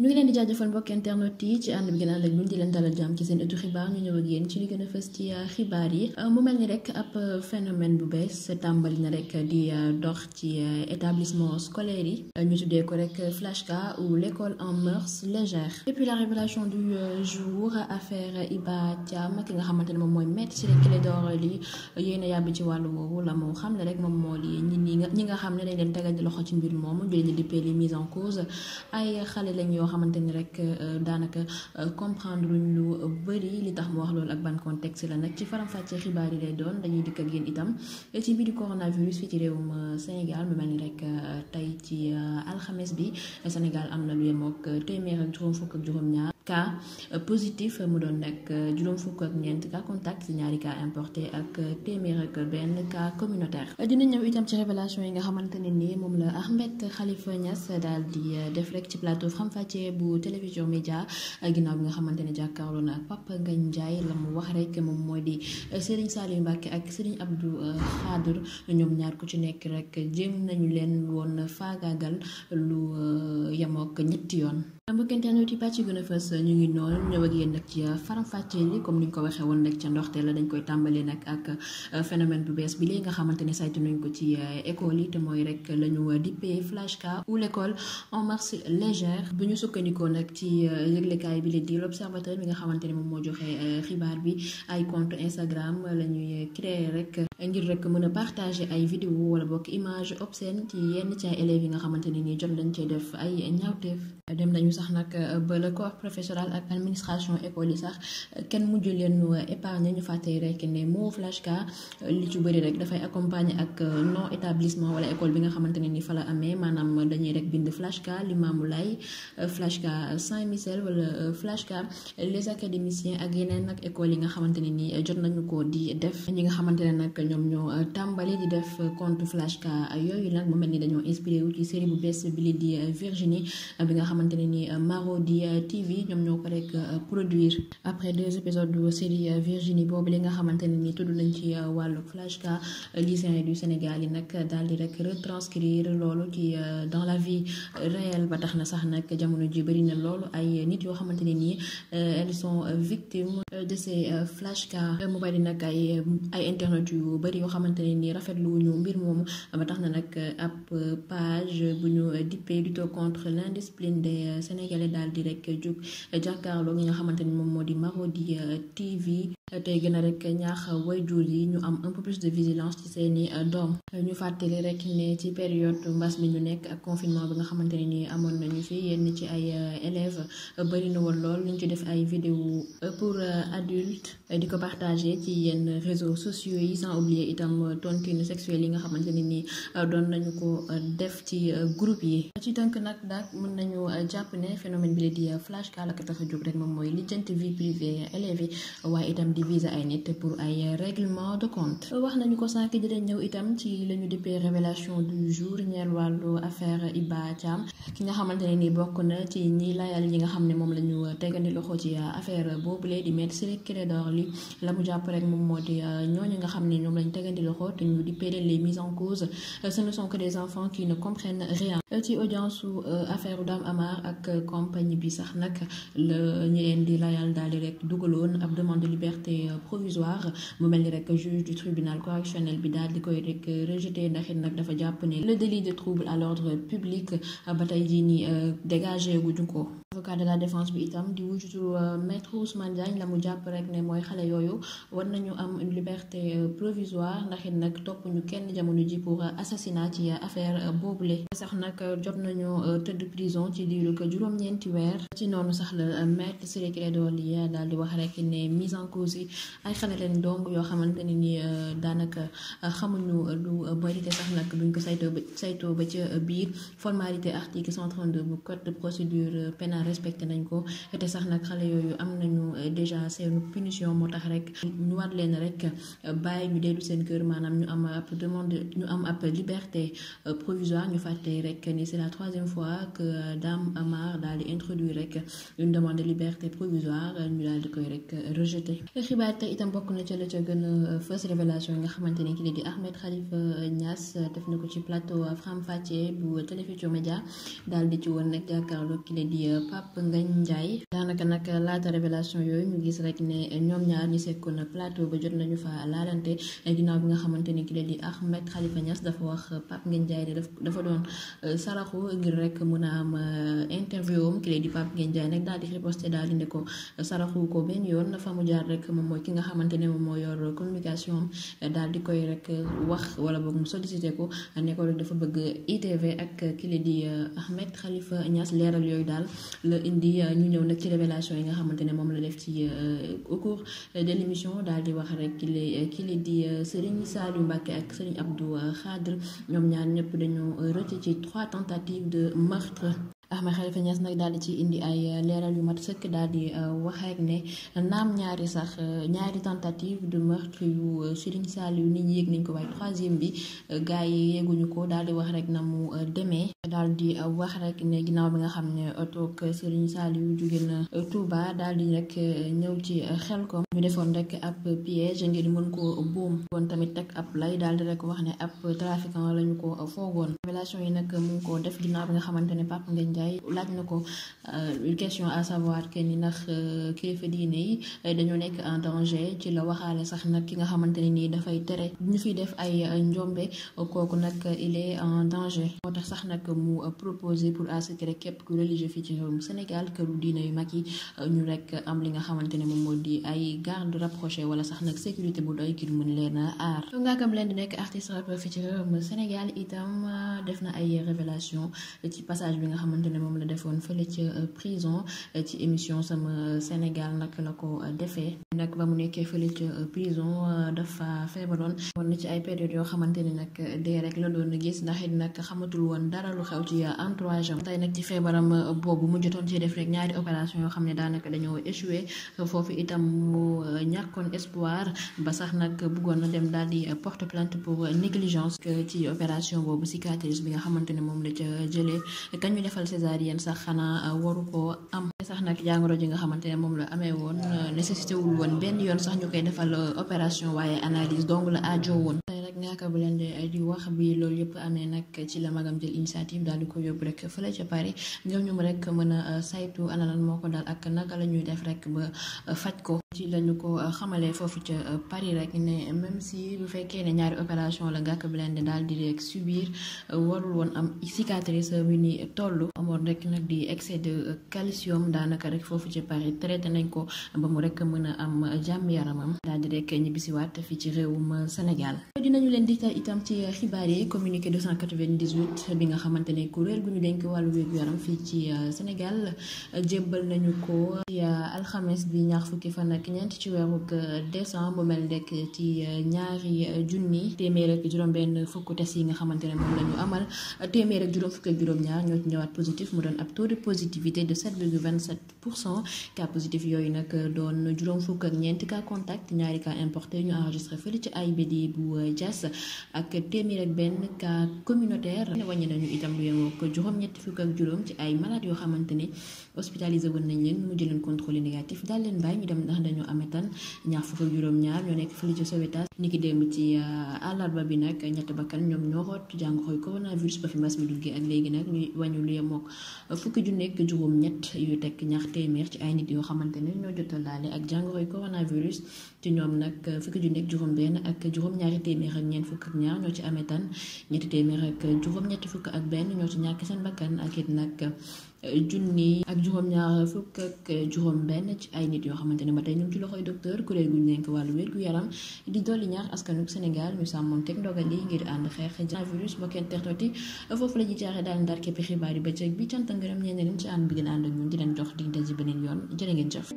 ñu ngi leen di jaajëfal mbokk internet yi ci ànd bi gën a lañ di leen dalal jàmm ci seen ëttu xibaar ñu ñëw ak yéen ci li gën a fës ci euh, yi euh, mu mel ni rek ab euh, phénomène bu bees tàmbali na rek di dox ci établissement scolaire yi ñu tuddee ko rek flash cas ou l'école en mœurs légères depuis la révélation du jour affaire Iba Thiam ki nga xamante ne moom mooy maître Ciré Clédor Ly yéen a yàbbi ci wàllu woowu la moom xam ne rek moom moo li ñi ñi nga xam ne dañ leen tegal di loxo ci mbir moomu ñu leen di dippee les mises en cause ay xamante ni rek euh, daanaka euh, comprendre luñ lu bëri li tax mu wax loolu ak ban contexte la nag ci faram-fàcce xibaar yi lay doon dañuy dikk ak yéen itam ci biir coronavirus fii ci réewum euh, Sénégal mu mel ni rek tey ci alxames bi Sénégal am na lu yem ak téeméer ak juróom fukk ak juróom-ñaar. cas euh, positif euh, mu doon nag euh, juróom fukk ak ñeent cas contact si ñaari cas importé ak téeméer ak benn cas communautaire. dina ñëw itam ci révélation yi nga xamante ne ni moom la Ahmed Khalifa Niass daal di def rek ci plateau Femme Fatih bu télévision média ginnaaw bi nga xamante ne jàkkaarloo na ak Pape Ngagne Ndiaye la mu wax rek moom mooy di Serigne Saliou Mbacké ak Serigne Abdou Khadir ñoom ñaar ku ci nekk rek jéem nañu leen woon faagaagal lu yemook ñetti yoon. mbokk internet yi pàcc gën a fës ñu ngi noonu ñëw ak yéen nag faram-fàcce comme ni ñu ko waxee woon nag ca ndoxte la dañ koy tàmbalee nag ak euh, phénomène bu bees bi léegi nga xamante ne saytu nañ ko ci euh, école yi te mooy rek la ñu euh, dippee flash cas ou l' école en marche légère bu ñu sukkandikoo nag ci yëglekaay bi la di l' observateur bi nga xamante ne moom moo joxe xibaar bi ay compte Instagram la ñuy créer rek ngir rekk mën a partager ay vidéo wala bokk image obscène ci yenn ci yi nga xamante ne nii jot nañ cee def ay ñaawteef. dem nañu sax nag euh, ba le corps professoral ak administration école yi sax euh, kenn mujj leen euh, épargne ñu fàtte rek ne moo FLAJCA li ci bëri rek dafay accompagner ak non établissement wala école bi nga xamante ne ni fa la amee maanaam dañuy rek bind FLAJCA Limamoulaye FLAJCA Saint-Michel wala FLAJCA les académiciens ak yeneen nag école yi nga xamante ne ni jot nañu ko di def ñi nga xamante ne nag ñoom ñoo tàmbali di def compte FLAJCA yooyu nag mu mel ni dañoo inspiré wu ci série bu nga xam xamante ne ni euh, Marodi TV ñoom ñoo ko rek euh, produire après deux épisodes de série euh, Virginie boobu li nga xamante ne ni tudd ci wàllu flash cas lycéen du Sénégal yi nag daal di rek retranscrire loolu ci dans la vie réelle ba tax na sax nag jamono ji bëri na loolu ay nit yoo xamante ne nii elles sont victimes de ces flash cas mu bëri nag ay ay internet yu bëri yoo xamante ne nii rafetlu wuñu mbir moomu ba tax na nag ab page bu dippee lutte contre l'indiscipline de Sénégalais daal di rek jóg jàkkaarloo nga xamante ni moom moo di Marodi TV tey gën rek ñaax wayjur yi ñu am un peu plus de vigilance ci seeni euh, doom ñu fàttali rek ne ci période mbas mi ñu nekk ak confinement bi nga xamante ne ni amoon nañu fi yenn ci ay euh, élèves euh, bëri na woon lool ñu ci def ay vidéo pour adultes di ko partager ci yenn réseaux sociaux yi sans oublier itam tontine sexuelle yi nga xamante ne ni doon nañu ko def ci groupe yi ci tënk nag daag mën nañu jàpp ne phénomène bi la di flash kaala ka a jóg rek moom mooy lijjanti motiver élèves yi waaye itam di viser ay nit pour ay règlement de compte wax nañu ko sànq dinañ ñëw itam ci la ñu dippee révélation du jour ñeel wàllu affaire Iba Thiam ki nga xamante ne tegandi loxo ci euh, affaire boobule di Maître Ciré Clédor Ly jàpp rek moom moo di euh, ñooñu nga xam ne ñoom lañ tegandi loxo te ñu dippee leen les mises en cause euh, ce que des enfants qui ne comprennent rien ci audience su affaire Dame Amar ak compagnie bi sax nag la leen di rek dugaloon ab demande de liberté euh, provisoire mu mel ni rek juge du tribunal correctionnel bi daal di koy rek euh, rejeté ndax nag dafa jàpp ni le délit de trouble à l'ordre public euh, ba tey jii nii dégagé guñu ko. avocat de la défense bi itam di wujutu euh, maître Ousmane Diagne la jàpp rek ne mooy xale yooyu war nañu am une liberté euh, provisoire ndax it nag topp ñu kenn jamono ji pour assassinat ci affaire boobule sax nag jot nañu euh, tëdd prison ci diiru ko juróom-ñeenti weer ci noonu sax la maître Ciré Clédor Ly daal di wax rek ne mise en cause yi ay xale leen dong yoo xamante ne ni daanaka xamuñu lu bari te sax nag duñ ko saytoo ba ca biir formalité article bu code naa respecté nañ ko te sax nag xale yooyu am nañu euh, déjà seenu punition moo tax rek ñu war leen rek euh, bàyyi ñu dellu seen kër maanaam ñu am ab demande ñu am ab liberté euh, provisoire ñu fàtte rek ni c'est la troisième fois que Dame daal di introduire rek une demande de liberté provisoire ñu daal di koy rek rejeté xibaar te itam bokk na ca la ca gën a fës révélation yi nga xamante ni kii di Ahmed Khalifa Niass def na ko ci plateau Fram Facce bu Télé média Médias daal di ci woon nag jàkkaarloo kii di Pape nga Ndiaye daanaka nag laata révélation yooyu ñu gis rek ne ñoom ñaar ñi na plateau ba jot nañu fa laalante ginnaaw bi nga xamante ni ki la di Ahmed Khalifa Niass dafa wax Pape Ngagne Ndiaye ne dafa doon euh, saraxu ngir rek mën a am euh, interview am ki la di Pape Ngagne daal di riposté daal di ko saraxu ko benn yoon fa mu jaar rek moom mooy ki nga xamante ne moom moo yor daal di koy rek euh, wax wala boog mu sollicité ko ne dafa bëgg ITV ak ki la di Ahmed xalifa ñas leeral yooyu daal la indi euh, ñu ñëw nag ci révélation yi nga xamante ne moom la def ci euh, au cours euh, de l'émission daal di wax rek kii kii di Serigne Saliou Mbacké ak Serigne Abdou Khadre ñoom ñaar ñëpp dañoo rëcc ci trois tentatives de meurtre Ahmed Khalifa Niass nag daal di ci indi ay eh, leeral yu mat sëkk daal di eh, wax ne naam ñaari sax eh, ñaari tentative de meurtre yu Serigne Saliou nit ñi yëg nañ ko waaye troisième bi gars yi yéeguñu ko daal di wax rek na mu demee daal di wax rek ne ginnaaw bi nga xam ne toog Serigne Saliou jóge na Touba daal di rek ñëw ci xel ko mu defoon rek ab piège ngir mën ko boom woon tamit teg ab lay daal di rek wax ne ab trafiquant lañu ko foogoon révélation yi nag mu ngi def ginnaaw Ndiaye laaj na ko euh, une question à savoir que ni ndax euh, kilifa diine yi euh, dañoo nekk en danger ci la waxaale sax nag ki nga xamante ne nii dafay tere ñu fi def ay njombe kooku nag il est en danger sax nag mu proposer pour à ce képp ku religieux fii ci réewum Sénégal këru diine yu mag yi ñu rek am li nga xamante ne moom moo di ay garde rapproché wala sax nag sécurité bu doy ngir mën leen a aar nga kam leen di nekk artiste rap fii ci réewum Sénégal itam def na ay révélation ci passage bi nga xamante xamante ne moom la defoon fële ca euh, prison euh, ci émission sama Sénégal nag la ko euh, defee nag ba mu nekkee fële ca prison dafa feebaroon woon na ci ay période yoo xamante ne nag dee la doon gis ndax it nag woon dara lu xew ci entourage am tey nag ci feebaram boobu mu jotoon ci def rek ñaari opération yoo xam ne daanaka dañoo échoué foofu itam mu ñàkkoon espoir ba sax nag bëggoon na dem daal di porte plainte pour négligence ci opération boobu cicatrice bi nga xamante moom la ca jëlee kañ defal césarienne sax xanaa euh, waru koo am sax nag jàngoro ji nga xamante ne moom la amee woon euh, nécessité wul woon benn yoon sax ñu koy defal euh, opération waaye analyse dong la aajo woon ñaaka bu leen eh, di wax bi loolu yëpp amee nag ci la magam jël initiative daal di ko yóbbu rek fële ca Paris ñoom ñoom rek mën a eh, saytu ana lan moo ko daal ak naka la ñuy def rek ba eh, faj ko ci lañu ko xamalee foofu ca Paris rek ne même si bu fekkee ne ñaari opération la Ngaaka Blindé daal di rek subir warul woon am cicatrice bi ni toll amoon rek nag di excès de calcium daanaka rek foofu ca Paris traité nañ ko ba mu rek mën a am jàmm yaramam daal di rek ñibbisiwaat fii ci réewum Sénégal ñu leen dikkaat itam ci xibaar yi communiqué 298 bi nga xamante ne kuréel gu ñu denk wàllu wér gu yaram ci euh, Sénégal jébbal nañu ko euh, alxames bi ñaar fukki fan ak ñeent ci weeru euh, décembre mu mel nekk ci ñaari junni téeméer ak juróom-benn fukk test yi nga xamante ne moom la ñu amal téeméer ak juróom fukk ak juróom-ñaar ñoo ci ñëwaat positif mu doon ab taux de positivité de 7,27 pour cent cas positif yooyu nag doon juróom fukk ak ñeent cas contact ñaari cas importé ñu enregistré Thiès ak téeméer ak benn cas communautaire wàññi nañu itam lu yemoo ko juróom-ñetti fukk ak juróom ci ay malade yoo xamante ne hospitalisé woon nañ leen mujj leen contrôle négatif daal leen bàyyi ñu dem ndax dañoo ametan ñaar fukk ak juróom-ñaar ñoo nekk fële ci Sowétas ni ki démb ci euh, àllarba bi nag ñetti bakkan ñoom ñoo root jàngoroy coronavirus ba fi mbas mi duggee ak léegi nag ñuy wàññu lu yemook fukki ju nekk juróom-ñett yu tekk ñaar téeméer ci ay nit yoo xamante ne ñoo jot a laale ak jàngoroy coronavirus ci ñoom nag fukki ju nekk juróom-benn ak juróom-ñaari téeméer ak ñeent fukk ñaar ñoo ci ametan ñetti téeméer ak ñetti fukk ak benn ñoo ci ñàkk seen bakkan ak it nag junni ak juróom-ñaar fukk ak juróom-benn ci ay nit yoo xamante ne ba tey ñoom ci loxoy docteur kuréel gu ñu nekk wàllu wér gu yaram di dolli ñaax askanu Sénégal ñu sàmmoon teg ndogal yi ngir ànd xeex coronavirus mbokk internet yi foofu la ñuy jaaxee daal ndar képp xibaar yi bëccëg bi cant ngërëm ñeen leen ci ànd bi gën ànd ñun di leen jox di daje beneen yoon jërë ngeen jëf.